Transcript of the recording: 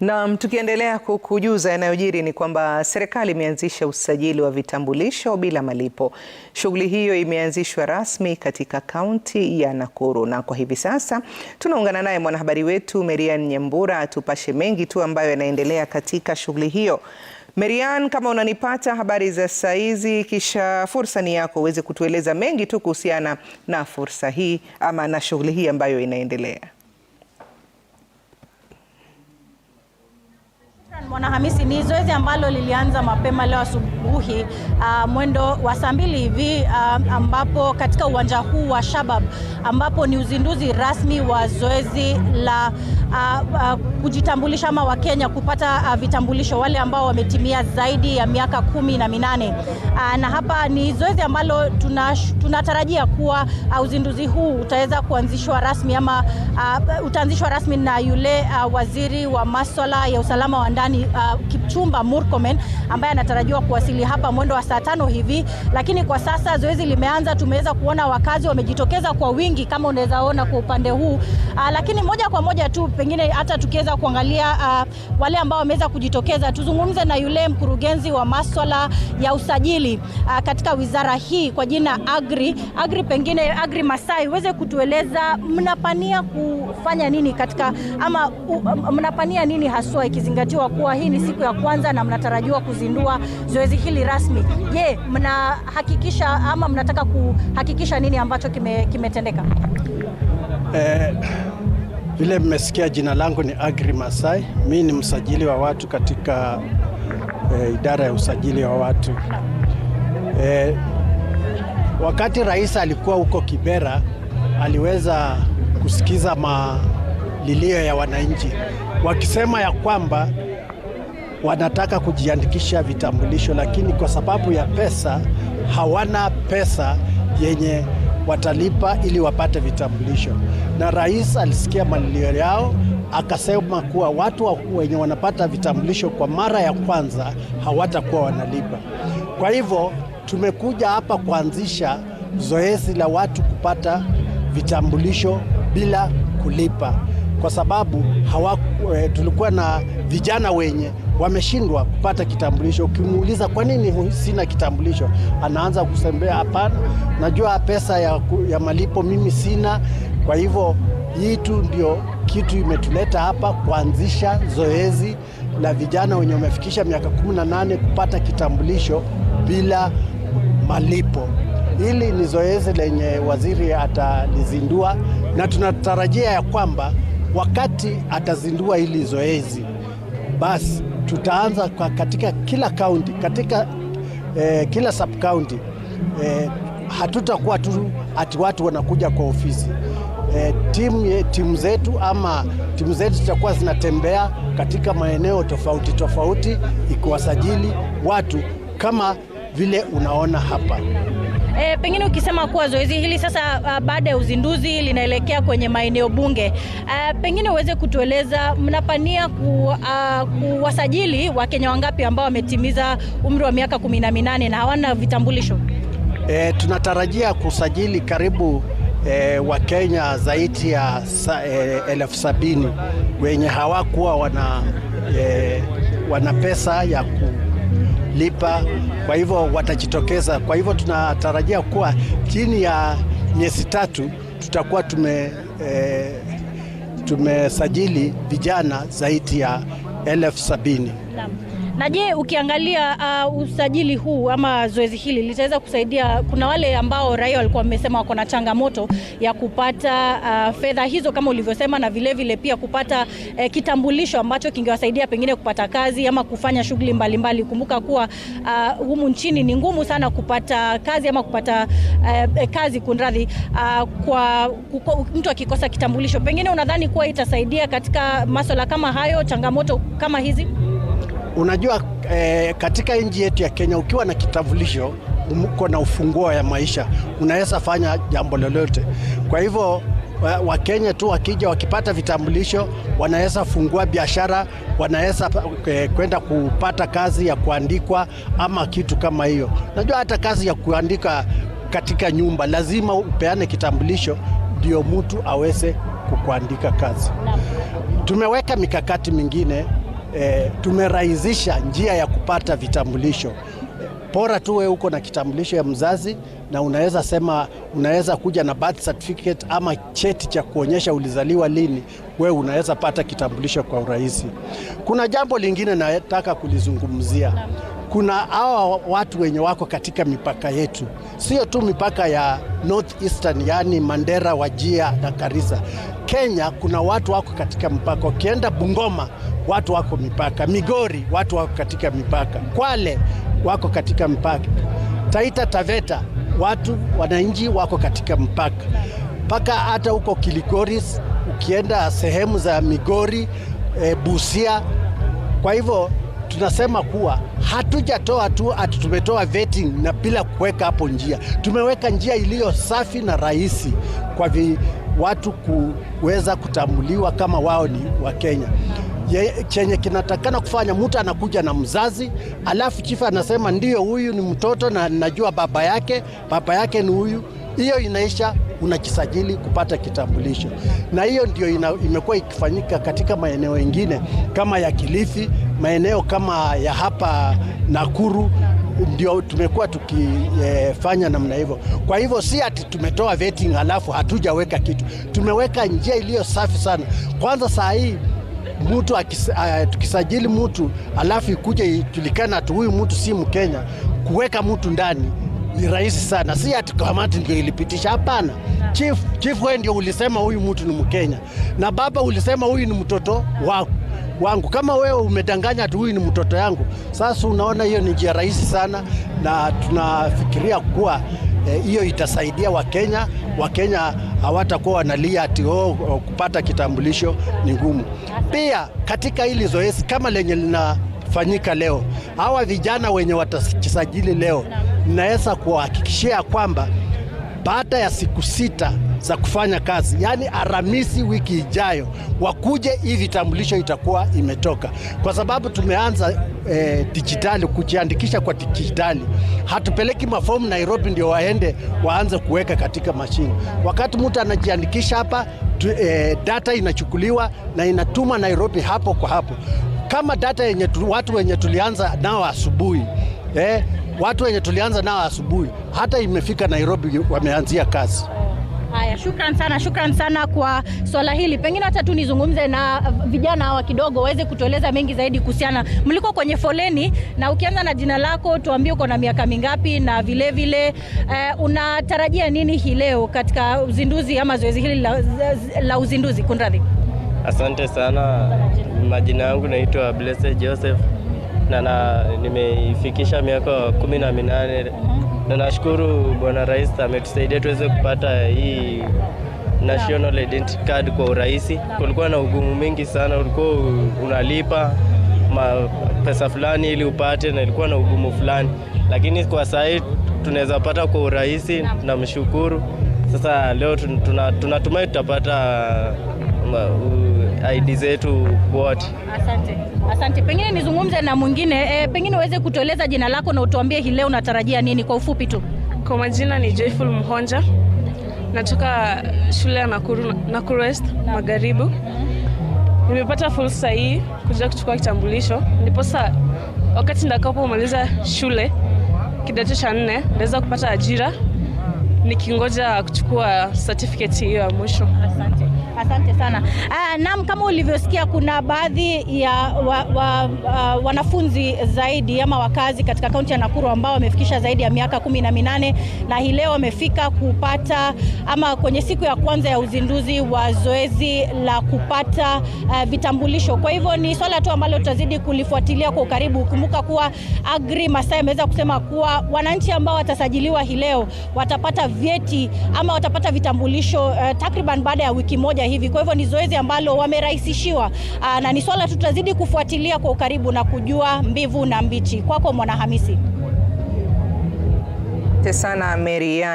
Naam, tukiendelea kukujuza yanayojiri ni kwamba serikali imeanzisha usajili wa vitambulisho bila malipo. Shughuli hiyo imeanzishwa rasmi katika kaunti ya Nakuru, na kwa hivi sasa tunaungana naye mwanahabari wetu Merian Nyambura atupashe mengi tu ambayo yanaendelea katika shughuli hiyo. Merian, kama unanipata, habari za saizi Kisha fursa ni yako uweze kutueleza mengi tu kuhusiana na fursa hii ama na shughuli hii ambayo inaendelea. Mwanahamisi, ni zoezi ambalo lilianza mapema leo asubuhi uh, mwendo wa saa mbili hivi uh, ambapo katika uwanja huu wa Shabab ambapo ni uzinduzi rasmi wa zoezi la uh, uh, kujitambulisha ama Wakenya kupata uh, vitambulisho wale ambao wametimia zaidi ya miaka kumi na minane uh, na hapa ni zoezi ambalo tunatarajia tuna kuwa uh, uzinduzi huu utaweza kuanzishwa rasmi ama uh, utaanzishwa rasmi na yule uh, waziri wa maswala ya usalama wa ndani uh, Kipchumba Murkomen ambaye anatarajiwa kuwasili hapa mwendo wa saa tano hivi, lakini kwa sasa zoezi limeanza. Tumeweza kuona wakazi wamejitokeza kwa wingi kama unaweza ona kwa upande huu uh, lakini moja kwa moja tu pengine hata tukiweza kuangalia uh, wale ambao wameweza kujitokeza, tuzungumze na yule mkurugenzi wa maswala ya usajili uh, katika wizara hii kwa jina Agri Agri, pengine Agri Masai, uweze kutueleza mnapania kufanya nini katika ama um, mnapania nini haswa, ikizingatiwa kuwa hii ni siku ya kwanza na mnatarajiwa kuzindua zoezi hili rasmi. Je, mnahakikisha ama mnataka kuhakikisha nini ambacho kimetendeka kime eh? Vile mmesikia jina langu ni Agri Masai. Mi ni msajili wa watu katika e, idara ya usajili wa watu e, wakati rais alikuwa huko Kibera aliweza kusikiza malilio ya wananchi wakisema ya kwamba wanataka kujiandikisha vitambulisho, lakini kwa sababu ya pesa hawana pesa yenye watalipa ili wapate vitambulisho, na rais alisikia malilio yao akasema kuwa watu wenye wanapata vitambulisho kwa mara ya kwanza hawatakuwa wanalipa. Kwa hivyo tumekuja hapa kuanzisha zoezi la watu kupata vitambulisho bila kulipa kwa sababu hawa, e, tulikuwa na vijana wenye wameshindwa kupata kitambulisho. Ukimuuliza kwa nini sina kitambulisho, anaanza kusembea, hapana, najua pesa ya, ya malipo mimi sina. Kwa hivyo hii tu ndio kitu imetuleta hapa kuanzisha zoezi la vijana wenye wamefikisha miaka 18 kupata kitambulisho bila malipo. Hili ni zoezi lenye waziri atalizindua na tunatarajia ya kwamba wakati atazindua hili zoezi, basi tutaanza kwa katika kila kaunti, katika eh, kila sub kaunti eh, hatutakuwa tu ati watu wanakuja kwa ofisi eh, timu, timu zetu ama timu zetu zitakuwa zinatembea katika maeneo tofauti tofauti ikiwasajili watu kama vile unaona hapa. E, pengine ukisema kuwa zoezi hili sasa uh, baada ya uzinduzi linaelekea kwenye maeneo bunge uh, pengine uweze kutueleza mnapania ku, uh, kuwasajili Wakenya wangapi ambao wametimiza umri wa miaka kumi na minane na hawana vitambulisho? E, tunatarajia kusajili karibu e, Wakenya zaidi ya e, elfu sabini wenye hawakuwa wana, e, wana pesa ya ku lipa, kwa hivyo watajitokeza. Kwa hivyo tunatarajia kuwa chini ya miezi tatu tutakuwa tume e, tumesajili vijana zaidi ya elfu sabini. Na je, ukiangalia uh, usajili huu ama zoezi hili litaweza kusaidia, kuna wale ambao raia walikuwa wamesema wako na changamoto ya kupata uh, fedha hizo kama ulivyosema, na vilevile vile pia kupata uh, kitambulisho ambacho kingewasaidia pengine kupata kazi ama kufanya shughuli mbalimbali. Kumbuka kuwa uh, humu nchini ni ngumu sana kupata kazi ama kupata uh, kazi kunradhi, uh, kwa kuko, mtu akikosa kitambulisho. Pengine unadhani kuwa itasaidia katika masuala kama hayo, changamoto kama hizi? Unajua eh, katika nchi yetu ya Kenya ukiwa na kitambulisho um, uko na ufunguo ya maisha, unaweza fanya jambo lolote. Kwa hivyo Wakenya tu wakija wakipata vitambulisho wanaweza fungua biashara, wanaweza eh, kwenda kupata kazi ya kuandikwa ama kitu kama hiyo. Najua hata kazi ya kuandika katika nyumba lazima upeane kitambulisho ndio mtu aweze kukuandika kazi. Tumeweka mikakati mingine e, tumerahisisha njia ya kupata vitambulisho bora tu wewe uko na kitambulisho ya mzazi na unaweza sema, unaweza kuja na birth certificate ama cheti cha kuonyesha ulizaliwa lini, wewe unaweza pata kitambulisho kwa urahisi. Kuna jambo lingine nataka kulizungumzia kuna hawa watu wenye wako katika mipaka yetu, sio tu mipaka ya North Eastern, yaani Mandera, Wajia na Karisa. Kenya kuna watu wako katika mpaka, ukienda Bungoma watu wako mipaka, Migori watu wako katika mipaka, Kwale wako katika mpaka, Taita Taveta watu wananchi wako katika mpaka, mpaka hata huko Kilikoris, ukienda sehemu za Migori, e, Busia. Kwa hivyo tunasema kuwa hatujatoa tu ati tumetoa vetting na bila kuweka hapo njia. Tumeweka njia iliyo safi na rahisi kwa vi, watu kuweza kutambuliwa kama wao ni Wakenya. Chenye kinatakana kufanya, mtu anakuja na mzazi, alafu chifa anasema ndiyo, huyu ni mtoto na najua baba yake, baba yake ni huyu. Hiyo inaisha, unajisajili kupata kitambulisho, na hiyo ndio imekuwa ikifanyika katika maeneo mengine kama ya Kilifi maeneo kama ya hapa Nakuru ndio tumekuwa tukifanya e, namna hivyo. Kwa hivyo si ati tumetoa vetting halafu hatujaweka kitu, tumeweka njia iliyo safi sana. Kwanza saa hii mtu tukisajili mtu alafu ikuja ijulikana tu huyu mtu si Mkenya, kuweka mtu ndani ni rahisi sana. Si ati kamati ndio ilipitisha, hapana. Chief, chief wewe ndio ulisema huyu mtu ni Mkenya na baba ulisema huyu ni mtoto wako wangu. Kama wewe umedanganya tu huyu ni mtoto yangu, sasa unaona hiyo ni njia rahisi sana, na tunafikiria kuwa eh, hiyo e, itasaidia Wakenya. Wakenya hawatakuwa wanalia ati oh, oh, kupata kitambulisho ni ngumu. Pia katika hili zoezi kama lenye linafanyika leo, hawa vijana wenye watajisajili leo, naweza kuwahakikishia kwamba baada ya siku sita za kufanya kazi, yaani Aramisi wiki ijayo wakuje, hii vitambulisho itakuwa imetoka, kwa sababu tumeanza e, eh, dijitali kujiandikisha kwa dijitali. Hatupeleki mafomu Nairobi ndio waende waanze kuweka katika mashini. Wakati mtu anajiandikisha hapa tu, e, data inachukuliwa na inatumwa Nairobi hapo kwa hapo, kama data yenye watu wenye tulianza nao asubuhi eh, watu wenye tulianza nao asubuhi hata imefika Nairobi wameanzia kazi. Oh, haya, shukran sana, shukran sana kwa swala hili. Pengine hata tu nizungumze na vijana hawa kidogo waweze kutueleza mengi zaidi kuhusiana. Mliko kwenye foleni, na ukianza na jina lako, tuambie uko na miaka mingapi, na vilevile vile, eh, unatarajia nini hii leo katika uzinduzi ama zoezi hili la, la uzinduzi? Kunradhi. Asante sana, majina yangu naitwa Blessed Joseph na, na nimeifikisha miaka kumi na minane na nashukuru Bwana Rais ametusaidia tuweze kupata hii national identity card kwa urahisi. Kulikuwa na ugumu mingi sana, ulikuwa unalipa ma pesa fulani ili upate, na ilikuwa na ugumu fulani, lakini kwa saa hii tunaweza pata kwa urahisi. Tunamshukuru. Sasa leo tunatumai tuna, tuna tutapata ID zetu wote. Asante. Asante, pengine nizungumze na mwingine e, pengine uweze kutueleza jina lako na utuambie hii leo unatarajia nini kwa ufupi tu. Kwa majina ni Joyful Mhonja, natoka shule ya Nakuru, Nakuru West Magharibu. Nimepata fursa hii kuja kuchukua kitambulisho, ndiposa wakati nitakapomaliza shule kidato cha nne naweza kupata ajira nikingoja kuchukua certificate hiyo ya mwisho. Asante. Asante sana. Uh, naam, kama ulivyosikia kuna baadhi ya wa, wa, uh, wanafunzi zaidi ama wakazi katika kaunti ya Nakuru ambao wamefikisha zaidi ya miaka kumi na minane na hii leo wamefika kupata ama kwenye siku ya kwanza ya uzinduzi wa zoezi la kupata uh, vitambulisho. Kwa hivyo ni swala tu ambalo tutazidi kulifuatilia kwa ukaribu. Kumbuka kuwa Agri Masai ameweza kusema kuwa wananchi ambao watasajiliwa hii leo watapata vyeti ama watapata vitambulisho uh, takriban baada ya wiki moja hivi. Kwa hivyo ni zoezi ambalo wamerahisishiwa, ah, na ni swala tutazidi kufuatilia kwa ukaribu na kujua mbivu na mbichi. Kwako mwanahamisi sana Marian.